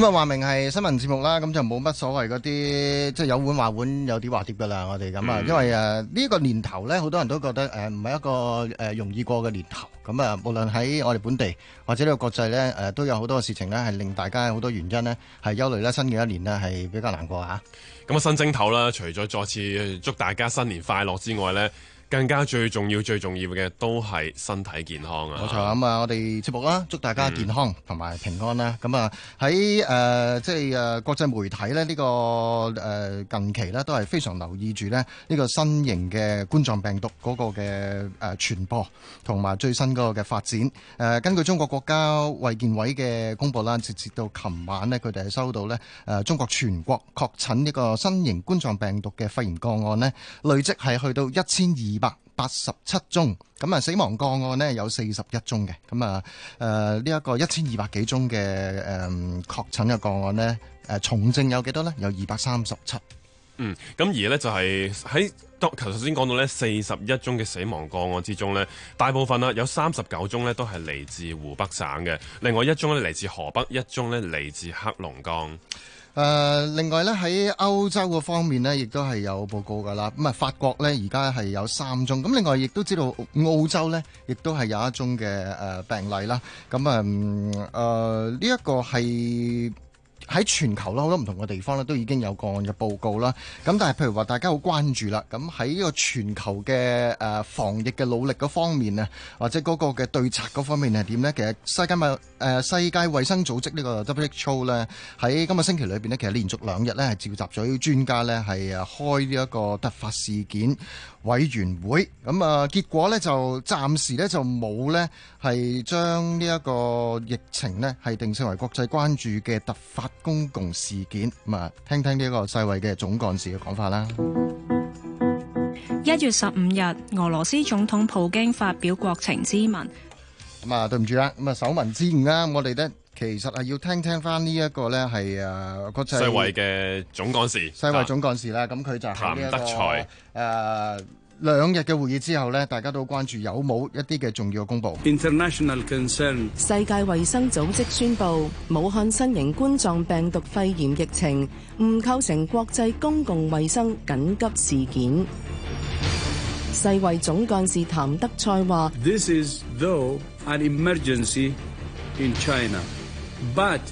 咁啊，話明係新聞節目啦，咁就冇乜所謂嗰啲，即係有碗話碗，有啲話碟㗎啦。我哋咁啊，因為呢、嗯啊呢個年頭呢，好多人都覺得唔係、呃、一個、呃、容易過嘅年頭。咁、嗯、啊，無論喺我哋本地或者呢個國際呢、呃，都有好多事情呢，係令大家好多原因呢，係憂慮咧。新嘅一年呢，係比較難過呀。咁啊，嗯、新正頭啦，除咗再次祝大家新年快樂之外呢。更加最重要、最重要嘅都係身體健康啊！冇錯咁啊，我哋節目啦，祝大家健康同埋平安啦！咁、嗯、啊，喺誒、呃、即係誒國際媒體咧，呢、這個誒、呃、近期咧都係非常留意住咧呢、這個新型嘅冠狀病毒嗰嘅誒傳播同埋最新嗰嘅發展。誒、呃、根據中國國家衛健委嘅公布啦，直至到琴晚咧，佢哋係收到咧誒、呃、中國全國確診呢個新型冠狀病毒嘅肺炎個案咧，累積係去到一千二，八八十七宗，咁啊死亡個案呢有四十一宗嘅，咁啊誒呢一個一千二百幾宗嘅誒確診嘅個案呢，誒、呃、重症有幾多呢？有二百三十七。嗯，咁而呢，就係喺當頭先先講到呢四十一宗嘅死亡個案之中呢，大部分啦有三十九宗呢都係嚟自湖北省嘅，另外一宗呢嚟自河北，一宗呢嚟自黑龍江。誒、呃，另外咧喺歐洲方面咧，亦都係有報告㗎啦。咁啊，法國咧而家係有三宗，咁另外亦都知道澳洲咧，亦都係有一宗嘅、呃、病例啦。咁、嗯、啊，誒呢一個係。喺全球啦，好多唔同嘅地方咧都已經有個案嘅報告啦。咁但係譬如話大家好關注啦，咁喺呢個全球嘅誒、呃、防疫嘅努力嗰方面啊，或者嗰個嘅對策嗰方面係點呢？其實世界衞誒、呃、世界衞生組織呢個委員會咁啊，結果咧就暫時咧就冇呢係將呢一個疫情呢係定性為國際關注嘅突發公共事件咁啊，聽聽呢個世衛嘅總幹事嘅講法啦。一月十五日，俄羅斯總統普京發表國情諮文。咁啊，對唔住啦，咁啊，守文之誤啦，我哋的。其實係要聽聽翻呢一個呢係誒、啊、國際世衛嘅總幹事。世衛總幹事啦，咁、啊、佢就、這個、譚德賽誒、啊、兩日嘅會議之後呢，大家都關注有冇一啲嘅重要公佈。International concern，世界衛生組織宣布，武漢新型冠狀病毒肺炎疫情唔構成國際公共衛生緊急事件。世衛總幹事譚德賽話：This is though an emergency in China。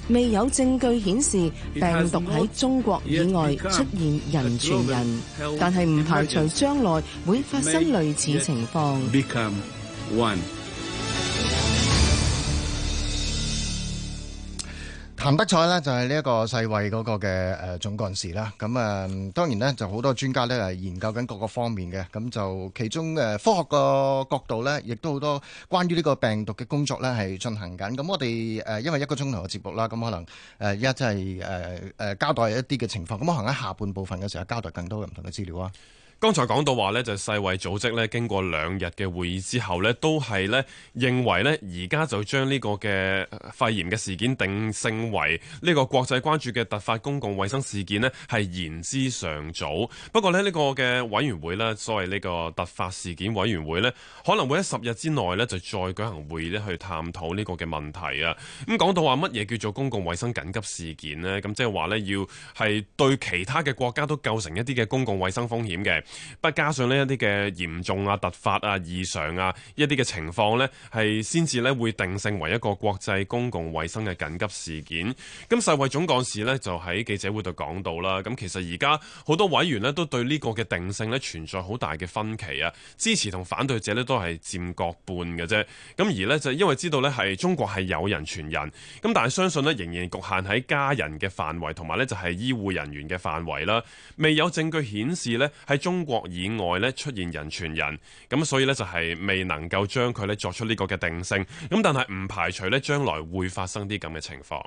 未有證據顯示病毒喺中國以外出現人傳人，但係唔排除將來會發生類似情況。譚德賽呢，就係呢一個世衛嗰個嘅誒總幹事啦，咁誒當然呢，就好多專家咧係研究緊各個方面嘅，咁就其中嘅科學個角度呢，亦都好多關於呢個病毒嘅工作呢係進行緊。咁我哋誒因為一個鐘頭嘅節目啦，咁可能誒而家係誒誒交代一啲嘅情況，咁可能喺下半部分嘅時候交代更多嘅唔同嘅資料啊。剛才講到話呢，就世衛組織呢，經過兩日嘅會議之後呢，都係呢認為呢，而家就將呢個嘅肺炎嘅事件定性為呢個國際關注嘅突發公共衛生事件呢係言之尚早。不過呢，呢個嘅委員會呢，所謂呢個突發事件委員會呢，可能會喺十日之內呢，就再舉行會議呢去探討呢個嘅問題啊。咁講到話乜嘢叫做公共衛生緊急事件呢？咁即係話呢，要係對其他嘅國家都構成一啲嘅公共衛生風險嘅。不加上呢一啲嘅嚴重啊、突發啊、異常啊一啲嘅情況呢，係先至呢會定性為一個國際公共衛生嘅緊急事件。咁世衞總幹事呢，就喺記者會度講到啦。咁其實而家好多委員呢，都對呢個嘅定性呢存在好大嘅分歧啊，支持同反對者呢，都係佔各半嘅啫。咁而呢，就因為知道呢係中國係有人傳人，咁但係相信呢仍然局限喺家人嘅範圍，同埋呢就係、是、醫護人員嘅範圍啦。未有證據顯示呢係中中國以外咧出現人傳人，咁所以咧就係未能夠將佢咧作出呢個嘅定性，咁但係唔排除咧將來會發生啲咁嘅情況。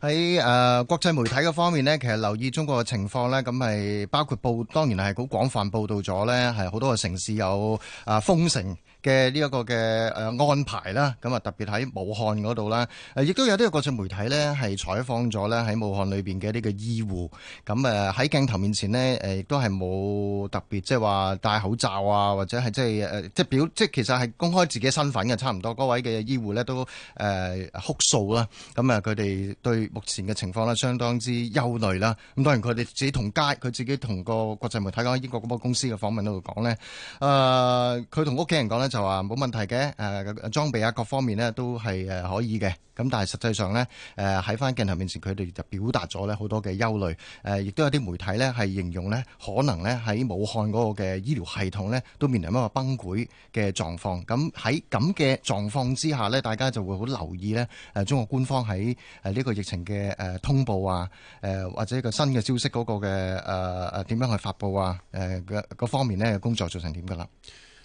喺誒、呃、國際媒體嘅方面呢，其實留意中國嘅情況呢，咁係包括報，當然係好廣泛報道咗呢，係好多個城市有啊、呃、封城。嘅呢一個嘅誒安排啦，咁啊特別喺武漢嗰度啦，誒亦都有啲國際媒體咧係採訪咗咧喺武漢裏邊嘅呢個醫護，咁誒喺鏡頭面前咧誒亦都係冇特別，即係話戴口罩啊，或者係即係誒即係表即係其實係公開自己身份嘅差唔多，嗰位嘅醫護咧都誒哭訴啦，咁啊佢哋對目前嘅情況咧相當之憂慮啦。咁當然佢哋自己同街，佢自己同個國際媒體講英國廣播公司嘅訪問嗰度講咧，誒佢同屋企人講咧。就話冇問題嘅，誒裝備啊，各方面呢都係誒可以嘅。咁但係實際上呢，誒喺翻鏡頭面前，佢哋就表達咗呢好多嘅憂慮。誒，亦都有啲媒體呢係形容呢，可能呢喺武漢嗰個嘅醫療系統呢都面臨一個崩潰嘅狀況。咁喺咁嘅狀況之下呢，大家就會好留意呢誒，中國官方喺誒呢個疫情嘅誒通報啊，誒或者個新嘅消息嗰個嘅誒誒點樣去發佈啊，誒嗰方面呢工作做成點噶啦？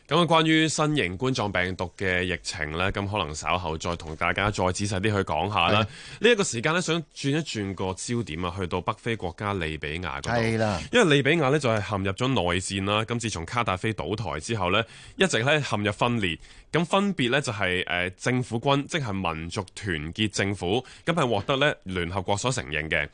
咁啊，關於新型冠狀病毒嘅疫情呢，咁可能稍後再同大家再仔細啲去講下啦。呢一個時間呢，想轉一轉個焦點啊，去到北非國家利比亞嗰度。係啦，因為利比亞呢就係陷入咗內戰啦。咁自從卡達菲倒台之後呢，一直咧陷入分裂。咁分別呢，就係誒政府軍，即係民族團結政府，咁係獲得咧聯合國所承認嘅。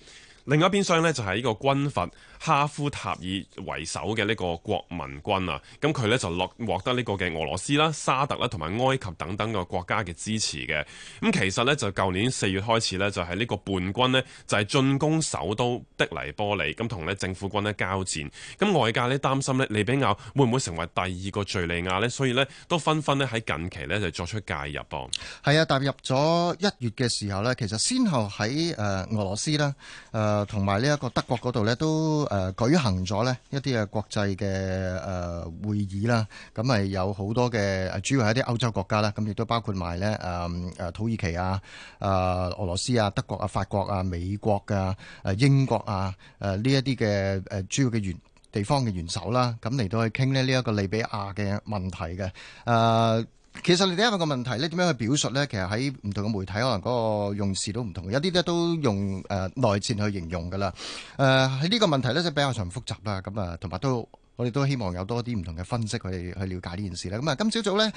另外一邊廂呢就係呢個軍閥哈夫塔爾為首嘅呢個國民軍啊，咁佢呢就落獲得呢個嘅俄羅斯啦、沙特啦同埋埃及等等嘅國家嘅支持嘅。咁其實呢，就舊年四月開始呢，就係呢個叛軍呢，就係進攻首都的黎波里，咁同呢政府軍呢交戰。咁外界呢，擔心呢利比亞會唔會成為第二個敍利亞呢？所以呢，都紛紛呢喺近期呢，就作出介入噃。係啊，踏入咗一月嘅時候呢，其實先後喺誒、呃、俄羅斯啦，呃誒同埋呢一個德國嗰度咧，都誒舉行咗呢一啲嘅國際嘅誒會議啦。咁咪有好多嘅主要係一啲歐洲國家啦。咁亦都包括埋咧誒誒土耳其啊、誒俄羅斯啊、德國啊、法國啊、美國啊、誒英國啊誒呢一啲嘅誒主要嘅元地方嘅元首啦。咁嚟到去傾咧呢一個利比亞嘅問題嘅誒。其實你哋一個問題咧，點樣去表述呢？其實喺唔同嘅媒體，可能嗰個用詞都唔同，一啲咧都用誒、呃、內戰去形容噶啦。誒喺呢個問題咧就比較上複雜啦。咁啊，同埋都。我哋都希望有多啲唔同嘅分析，佢哋去了解呢件事啦。咁啊，今朝早咧，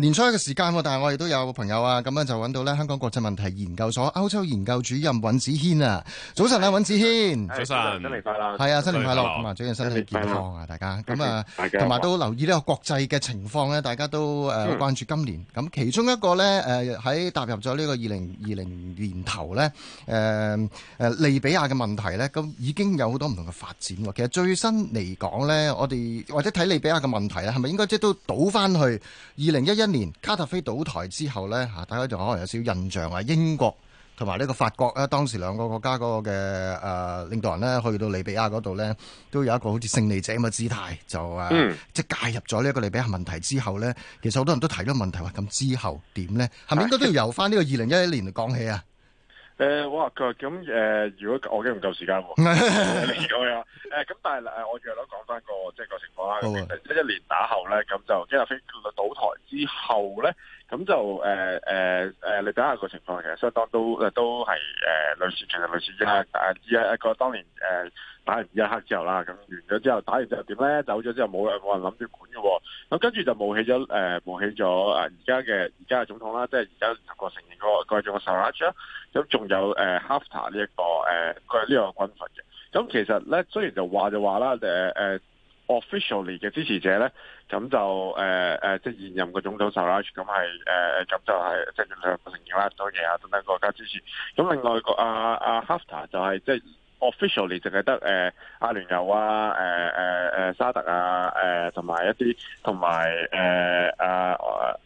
年初一嘅時間，但係我哋都有個朋友啊，咁啊就揾到咧香港國際問題研究所歐洲研究主任尹子軒啊。早晨啊，尹子軒、哎嗯、早晨。新年快樂，係啊，新年快樂，同埋最近身體健康啊，大家。咁啊，同埋都留意呢個國際嘅情況咧，大家都關注今年。咁、嗯、其中一個咧，誒，喺踏入咗呢個二零二零年頭咧，誒、呃，利比亞嘅問題咧，咁已經有好多唔同嘅發展喎。其實最新嚟講咧。我哋或者睇利比亞嘅問題，咧，係咪應該即係都倒翻去二零一一年卡塔菲倒台之後咧？吓，大家就可能有少印象啊。英國同埋呢個法國咧，當時兩個國家嗰個嘅，誒、呃、領導人咧，去到利比亞嗰度咧，都有一個好似勝利者咁嘅姿態，就誒、啊 mm. 即係介入咗呢個利比亞問題之後咧，其實好多人都提咗問題，話咁之後點咧？係咪應該都要由翻呢個二零一一年嚟講起啊？誒、呃，哇，佢咁誒，如果我驚唔夠時間喎，另外誒，咁但係誒，我約咗講翻個即係、就是、個情況啦，咁 一,一年打後咧，咁就卡達菲倒台之後咧，咁就誒誒誒，你等下個情況其實相當都誒都係誒類似，其實類似依家誒依一個、呃、當年誒。呃打完一刻之後啦，咁完咗之後打完之後點咧？走咗之後冇冇人諗住管嘅。咁跟住就冒起咗誒，冒起咗而家嘅而家嘅總統啦，即係而家聯合國成員嗰個薩拉查，咁仲有哈夫塔呢一個誒，佢係呢個軍閥嘅。咁其實咧，雖然就話就話啦，誒 officially 嘅支持者咧，咁就誒誒、呃、即係現任嘅總統薩拉查，咁係誒咁就係、是、政治上嘅成員啦，土耳其啊等等國家支持。咁另外個阿阿哈夫塔就係、是、即係。officially 就係得誒阿聯酋啊，誒誒誒沙特啊，誒同埋一啲同埋誒啊，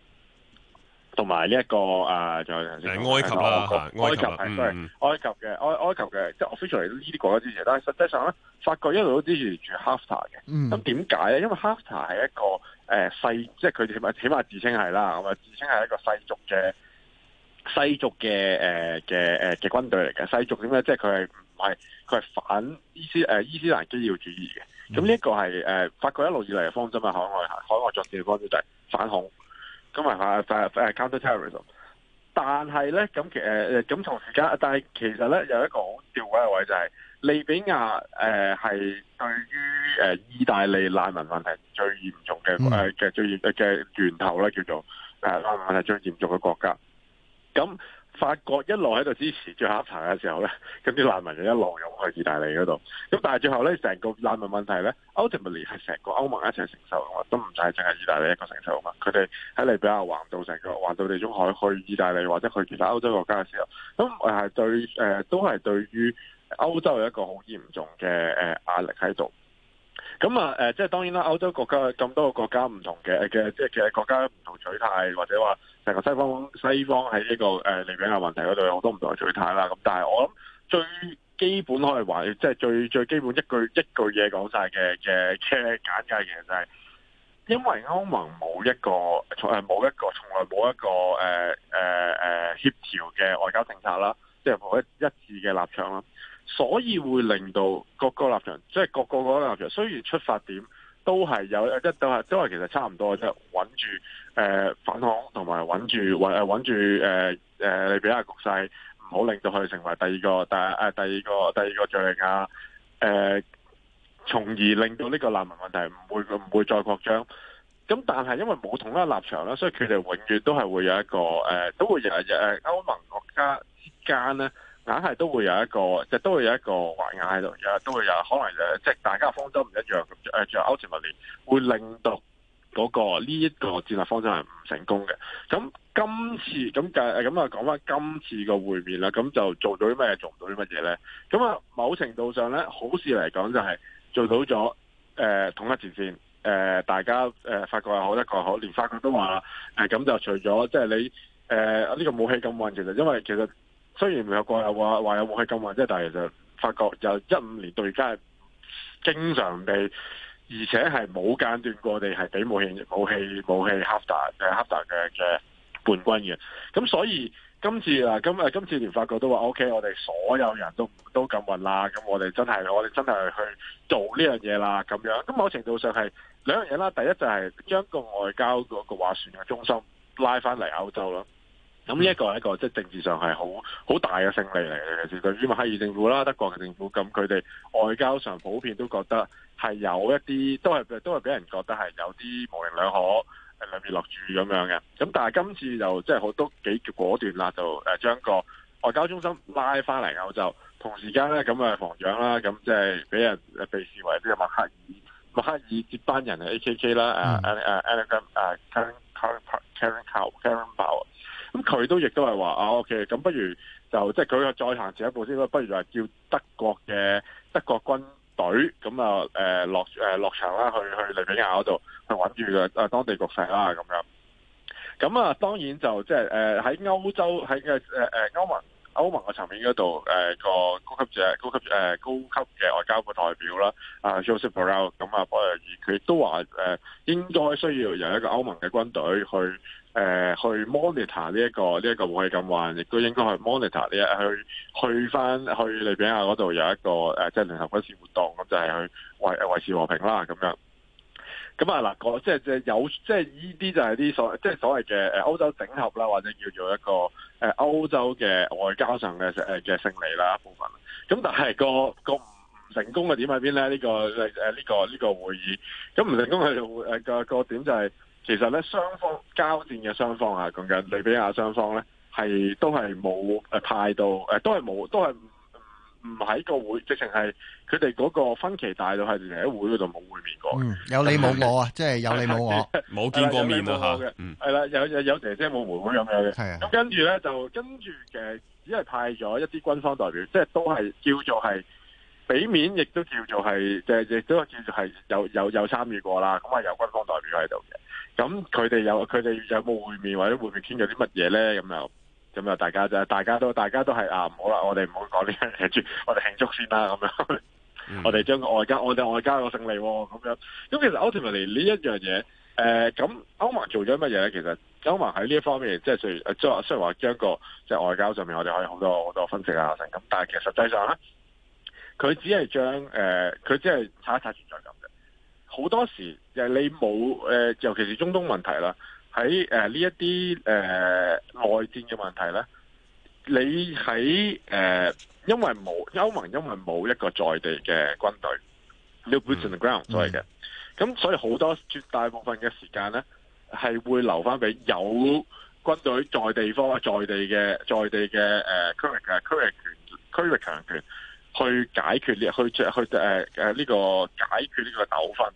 同埋呢一個啊就係埃及啦，埃及係都係埃及嘅，埃及埃及嘅即係 officially 呢啲國家支持，但係實際上咧，法國一路都支持住哈夫塔嘅。咁點解咧？因為哈夫塔係一個誒細、呃，即係佢哋起碼自稱係啦，咁啊自稱係一個世俗嘅世俗嘅誒嘅誒嘅軍隊嚟嘅。世俗點咧、呃呃？即係佢係。係佢係反伊斯誒、呃、伊斯蘭基要主義嘅，咁呢一個係、呃、法國一路以嚟嘅方針啊，海外海外作戰嘅方針就係反恐，咁啊反誒 counter terrorism。啊啊、但係咧，咁其實咁同時間，但係其實咧有一個好笑嘅位就係、是、利比亞誒係、呃、對於、呃、意大利難民問題最嚴重嘅誒嘅最嚴嘅源頭咧，叫做誒難民問題最嚴重嘅國家，咁。法國一路喺度支持最後一場嘅時候咧，咁啲難民就一路湧去意大利嗰度。咁但係最後咧，成個難民問題咧，歐洲咪連係成個歐盟一齊承受嘅嘛，都唔係淨係意大利一個承受嘅嘛。佢哋喺利比亞橫渡成個橫渡地中海去意大利或者去其他歐洲國家嘅時候，咁誒對誒都係對於歐洲有一個好嚴重嘅誒壓力喺度。咁啊，誒、呃，即係當然啦，歐洲國家咁多個國家唔同嘅嘅，即係其實國家唔同取態，或者話成個西方西方喺呢、這個誒利比亞問題嗰度有好多唔同嘅取態啦。咁但係我諗最基本可以話，即係最最基本一句一句嘢講晒嘅嘅嘅簡介嘅就係，因為歐盟冇一個從誒冇一個從來冇一個誒誒誒協調嘅外交政策啦，即係冇一一致嘅立場啦。所以會令到各個立場，即係各個立場，雖然出發點都係有一都係都係其實差唔多嘅啫，就是呃呃，穩住誒反恐同埋穩住穩住誒誒利比亞局勢，唔好令到佢成為第二個，但係誒第二個第二個敍利亞從而令到呢個難民問題唔會唔會再擴張。咁但係因為冇同一個立場啦，所以佢哋永遠都係會有一個誒、呃，都會有誒歐盟國家之間呢硬係都會有一個，即係都會有一個玩壓喺度，有都會有可能，即係大家方針唔一樣咁誒，仲有 ultimately 會令到嗰呢一個戰略方針係唔成功嘅。咁今次咁咁啊，講翻今次個會面啦，咁就做咗啲咩，做唔到啲乜嘢咧？咁啊，某程度上咧，好事嚟講就係做到咗誒、呃、統一戰線，誒、呃、大家誒法國又好，德國好，連法國都話誒咁就除咗即係你誒呢、呃呢個武器禁運，其實因為其實。雖然聯合國又話話有武器禁運啫，但係其實法國由一五年到而家係經常地，而且係冇間斷過，哋係俾武器武器武器哈夫塔嘅哈夫塔嘅嘅叛軍嘅。咁所以今次啊，今啊今次連法國都話 OK，我哋所有人都都禁運啦。咁我哋真係我哋真係去做呢樣嘢啦。咁樣咁某程度上係兩樣嘢啦。第一就係將個外交嗰個話旋嘅中心拉翻嚟歐洲咯。咁呢一個係一個，即係政治上係好好大嘅勝利嚟嘅，其實對於默克爾政府啦、德國嘅政府咁，佢哋外交上普遍都覺得係有一啲，都係都係俾人覺得係有啲模棱兩可、兩面落住咁樣嘅。咁但係今次就即係好多幾決果斷啦，就將個外交中心拉翻嚟，歐洲同時間咧咁誒防長啦，咁即係俾人被視為呢個默克爾默克爾接班人 A K K 啦，a 啊啊啊 a 啊啊啊啊 a 啊 a n 啊啊啊 e n 啊啊啊啊啊啊啊啊啊 r 啊啊咁佢都亦都係話啊，OK，咁不如就即係佢又再行前一步先，不如就叫德國嘅德國軍隊咁啊，落誒落場啦，去去利比亞嗰度去穩住嘅當地局勢啦，咁樣。咁啊，當然就即係誒喺歐洲喺嘅誒歐盟歐盟嘅層面嗰度，誒、呃、個高級者高級、呃、高級嘅外交部代表啦，啊、呃、Josep Borrell 咁啊，不過佢都話誒、呃、應該需要由一個歐盟嘅軍隊去。誒、呃，去 monitor 呢、這、一個呢一、這個武器禁運，亦都應該係 monitor 呢、這個，去去翻去利比亞嗰度有一個誒，即係聯合軍事活動咁就係去維維持和平啦，咁樣。咁啊嗱，個即係即係有，即係呢啲就係、是、啲所即係、就是、所謂嘅誒歐洲整合啦，或者叫做一個誒歐洲嘅外交上嘅誒嘅勝利啦部分。咁但係、那個個唔成功嘅點喺邊咧？呢、這個誒呢、這個呢、這個會議咁唔成功嘅誒、呃、個個點就係、是。其實咧，雙方交戰嘅雙方啊，講緊利比亞雙方咧，係都係冇誒派到，誒都係冇，都係唔喺個會，直情係佢哋嗰個分歧大到係連喺會度冇會面過、嗯。有你冇我啊、嗯，即係有你冇我冇、嗯、見過面啊吓，係啦有沒有，沒有、嗯、有，有姐姐冇妹妹咁樣嘅，咁、嗯、跟住咧就跟住嘅，只係派咗一啲軍方代表，即係都係叫做係俾面，亦都叫做係，即係亦都叫做係有有有參與過啦。咁啊有軍方代表喺度嘅。咁佢哋有佢哋有冇會面或者會面傾咗啲乜嘢咧？咁又咁又大家大家都大家都係啊！唔好啦，我哋唔好講呢樣嘢，我哋慶祝先啦。咁樣，嗯、我哋將個外交，我哋外交個勝利咁樣。咁其實 ultimately 嚟呢一樣嘢，誒咁歐盟做咗乜嘢咧？其實歐盟喺呢一方面，即係最雖，雖然話將、個即係外交上面，我哋可以好多好多分析啊、成咁，但係其實實際上咧，佢只係將佢、呃、只係刷一刷存在感嘅。好多時誒你冇誒，尤其是中東問題啦，喺誒呢一啲誒內戰嘅問題咧，你喺誒因為冇歐盟，因為冇一個在地嘅軍隊 no boots on the ground 所以嘅，咁、嗯、所以好多絕大部分嘅時間咧，係會留翻俾有軍隊在地方啊，在地嘅在地嘅誒、呃、區域嘅區域權區域強權。去解決呢？去去誒誒呢個解決呢個糾紛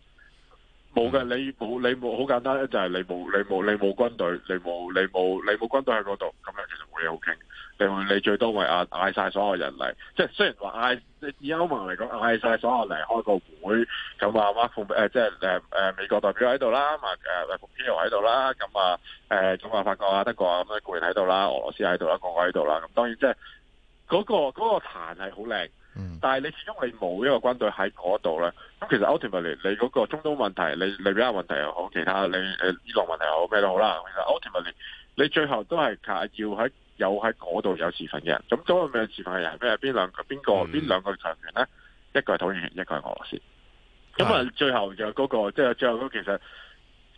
冇嘅，你冇你冇好簡單咧，就係、是、你冇你冇你冇軍隊，你冇你冇你冇軍隊喺嗰度，咁樣其實冇嘢好傾。另外你最多咪啊嗌晒所有人嚟，即係雖然話嗌，以歐盟嚟講嗌晒所有人嚟開個會，咁、就、啊、是，馬庫即美國代表喺度啦，咁啊誒普京又喺度啦，咁啊誒總之法國啊德國啊咁樣固然喺度啦，俄羅斯喺度啦，國外喺度啦，咁當然即係嗰個嗰個壇係好靚。那個嗯、但係你始終你冇一個軍隊喺嗰度咧，咁其實 ultimately 你嗰個中東問題，你利比亞問題又好，其他你誒伊朗問題又好咩都好啦，其實 ultimately 你最後都係要喺有喺嗰度有持份嘅人，咁都係咩持份嘅人？咩？邊兩個？邊個？邊、嗯、兩個強權咧？一個係土耳其，一個係俄羅斯。咁啊，那麼最後就嗰、嗰個即係、就是、最後都其實、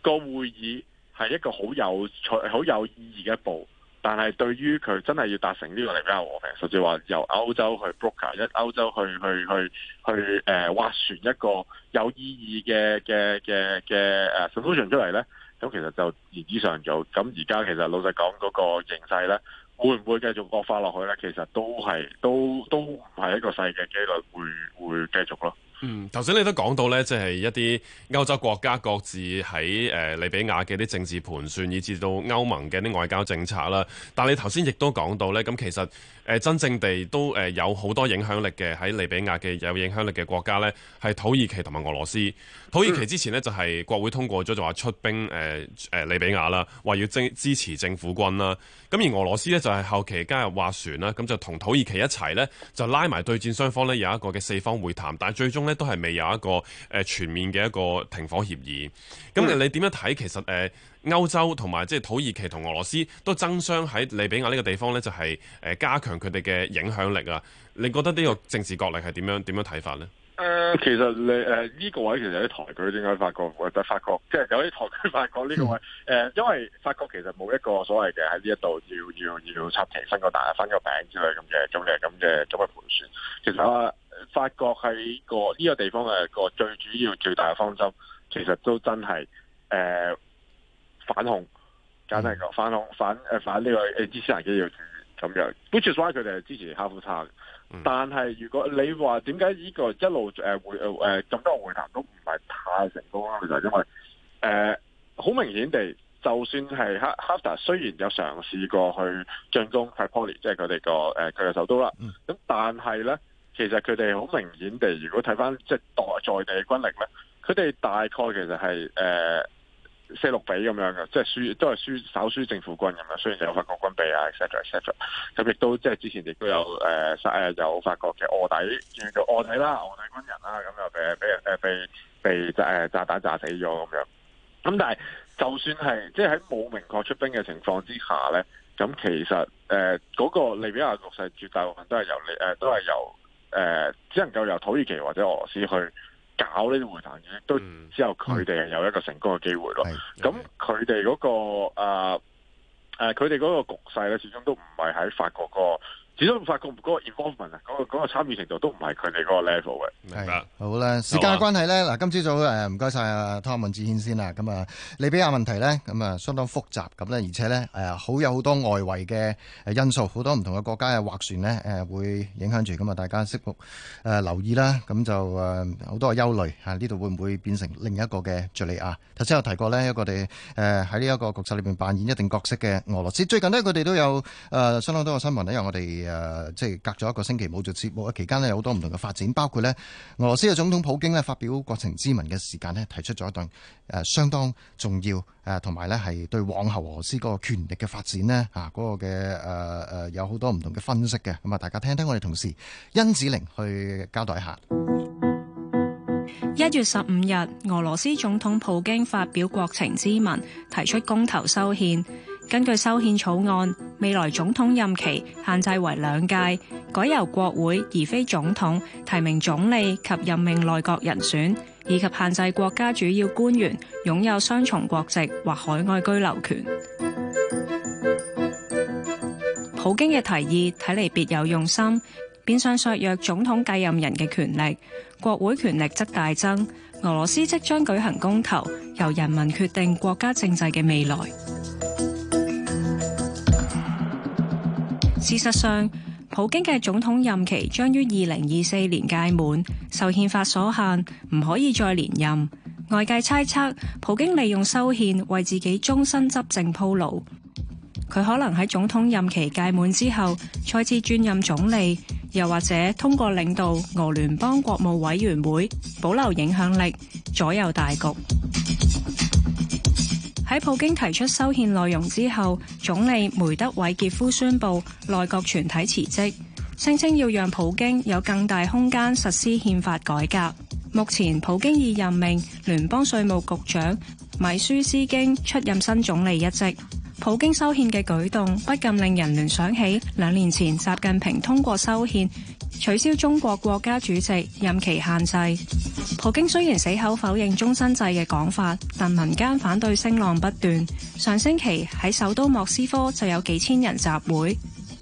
嗰個會議係一個好有趣、好有意義嘅一步。但係對於佢真係要達成呢個嚟比較和平，甚至話由歐洲去 broker 一歐洲去去去去誒挖、uh, 船一個有意義嘅嘅嘅嘅誒 solution 出嚟咧，咁其實就言之尚早。咁而家其實老實講嗰個形勢咧，會唔會繼續惡化落去咧？其實都係都都唔係一個細嘅機率會會繼續咯。嗯，頭先你都講到呢，即係一啲歐洲國家各自喺誒利比亞嘅啲政治盤算，以至到歐盟嘅啲外交政策啦。但係你頭先亦都講到呢，咁其實。誒真正地都誒有好多影響力嘅喺利比亞嘅有影響力嘅國家呢，係土耳其同埋俄羅斯。土耳其之前呢，就係、是、國會通過咗，就話出兵誒誒、呃、利比亞啦，話要政支持政府軍啦。咁而俄羅斯呢，就係、是、後期加入話船啦，咁就同土耳其一齊呢，就拉埋對戰雙方呢，有一個嘅四方會談，但係最終呢，都係未有一個誒、呃、全面嘅一個停火協議。咁你點樣睇其實誒？呃歐洲同埋即係土耳其同俄羅斯都爭相喺利比亞呢個地方咧，就係、是、誒加強佢哋嘅影響力啊！你覺得呢個政治角力係點樣？點樣睇法呢？誒、呃，其實你誒呢、呃這個位置其實有啲抬舉，點解法國或得。法國即係有啲抬舉法國呢個位置？誒、嗯呃，因為法國其實冇一個所謂嘅喺呢一度要要要插旗分個大、分個餅之類咁嘅咁嘅咁嘅咁嘅盤算。其實啊，法國係、這個呢、這個地方誒個最主要最大嘅方針，其實都真係誒。呃反控，簡單嚟講，反控反反、這、呢個伊斯蘭基要咁樣。Which is why 佢哋係支持哈夫塔，嘅、嗯。但係如果你話點解呢個一路誒回咁多回談都唔係太成功啦？其實因為誒好、呃、明顯地，就算係哈哈夫塔雖然有嘗試過去進攻泰波利即係佢哋個佢嘅首都啦。咁但係咧，其實佢哋好明顯地，如果睇翻即在在地嘅軍力咧，佢哋大概其實係誒。呃四六比咁樣嘅，即係輸都係輸少輸政府軍人咁樣，雖然有法國軍備啊，etc etc 咁亦都即係之前亦都有誒、呃、有法國嘅卧底，叫做卧底啦，卧底軍人啦，咁又誒俾人被、呃、被炸誒炸彈炸死咗咁樣。咁但係就算係即係喺冇明確出兵嘅情況之下咧，咁其實誒嗰、呃那個利比亞局勢絕大,大部分都係由誒、呃、都係由誒、呃、只能夠由土耳其或者俄羅斯去。搞呢啲會談嘅都之後，佢哋係有一個成功嘅機會咯。咁佢哋嗰個啊誒，佢哋嗰個局勢咧，始終都唔係喺法國個。始終發覺嗰個 information 啊，嗰個嗰個參與程度都唔係佢哋嗰個 level 嘅。係，好啦，時間嘅關係咧，嗱，今朝早誒唔該曬阿湯文志軒先啦。咁啊，利比亞問題咧，咁啊相當複雜，咁咧而且咧誒好有好多外圍嘅誒因素，好多唔同嘅國家嘅劃船咧誒會影響住，咁啊大家適當誒留意啦。咁就誒好多係憂慮嚇，呢度會唔會變成另一個嘅敍利亞？頭先有提過咧，一個嘅誒喺呢一個局勢裏邊扮演一定角色嘅俄羅斯。最近咧佢哋都有誒相當多嘅新聞咧，因為我哋。誒，即係隔咗一個星期冇做節目嘅期間咧，有好多唔同嘅發展，包括呢俄羅斯嘅總統普京咧，發表國情咨文嘅時間咧，提出咗一段誒相當重要誒，同埋呢係對往後俄羅斯嗰個權力嘅發展呢吓個嘅誒誒，有好多唔同嘅分析嘅，咁啊，大家聽聽我哋同事甄梓鈴去交代一下。一月十五日，俄羅斯總統普京發表國情咨文，提出公投修憲。根據修憲草案，未來總統任期限制為兩屆，改由國會而非總統提名總理及任命內閣人選，以及限制國家主要官員擁有雙重國籍或海外居留權。普京嘅提議睇嚟別有用心，變相削弱總統繼任人嘅權力，國會權力則大增。俄羅斯即將舉行公投，由人民決定國家政制嘅未來。事實上，普京嘅總統任期將於二零二四年屆滿，受憲法所限，唔可以再連任。外界猜測，普京利用修憲為自己終身執政鋪路，佢可能喺總統任期屆滿之後，再次轉任總理，又或者通過領導俄聯邦國務委員會，保留影響力，左右大局。喺普京提出修憲內容之後，總理梅德韋傑夫宣布內閣全體辭職，聲稱要讓普京有更大空間實施憲法改革。目前普京已任命聯邦稅務局長米舒斯京出任新總理一職。普京修憲嘅舉動不禁令人聯想起兩年前習近平通過修憲取消中國國家主席任期限制。普京雖然死口否認終身制嘅講法，但民間反對聲浪不斷。上星期喺首都莫斯科就有幾千人集會，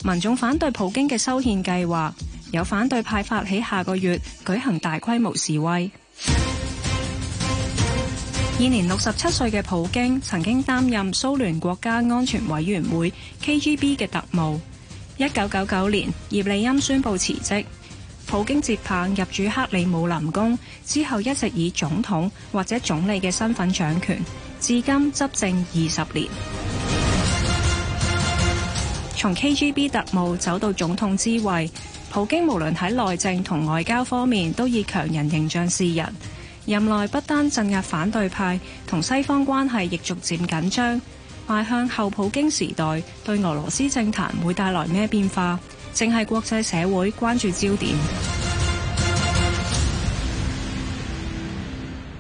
民眾反對普京嘅修憲計劃，有反對派發起下個月舉行大規模示威。現年六十七歲嘅普京曾經擔任蘇聯國家安全委員會 KGB 嘅特務。一九九九年葉利欽宣布辭職，普京接棒入主克里姆林宮之後，一直以總統或者總理嘅身份掌權，至今執政二十年。從 KGB 特務走到總統之位，普京無論喺內政同外交方面，都以強人形象示人。任內不單鎮壓反對派，同西方關係亦逐漸緊張，邁向後普京時代對俄羅斯政壇會帶來咩變化，正係國際社會關注焦點。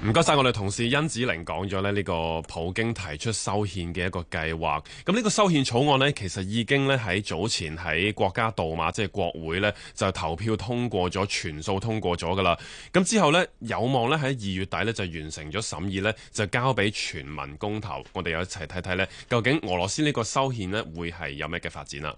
唔該晒，我哋同事甄梓鈴講咗呢個普京提出修憲嘅一個計劃。咁呢個修憲草案呢，其實已經呢喺早前喺國家杜馬即係國會呢，就投票通過咗，全數通過咗噶啦。咁之後呢，有望呢喺二月底呢，就完成咗審議呢，就交俾全民公投。我哋又一齊睇睇，呢究竟俄羅斯呢個修憲呢，會係有咩嘅發展啦？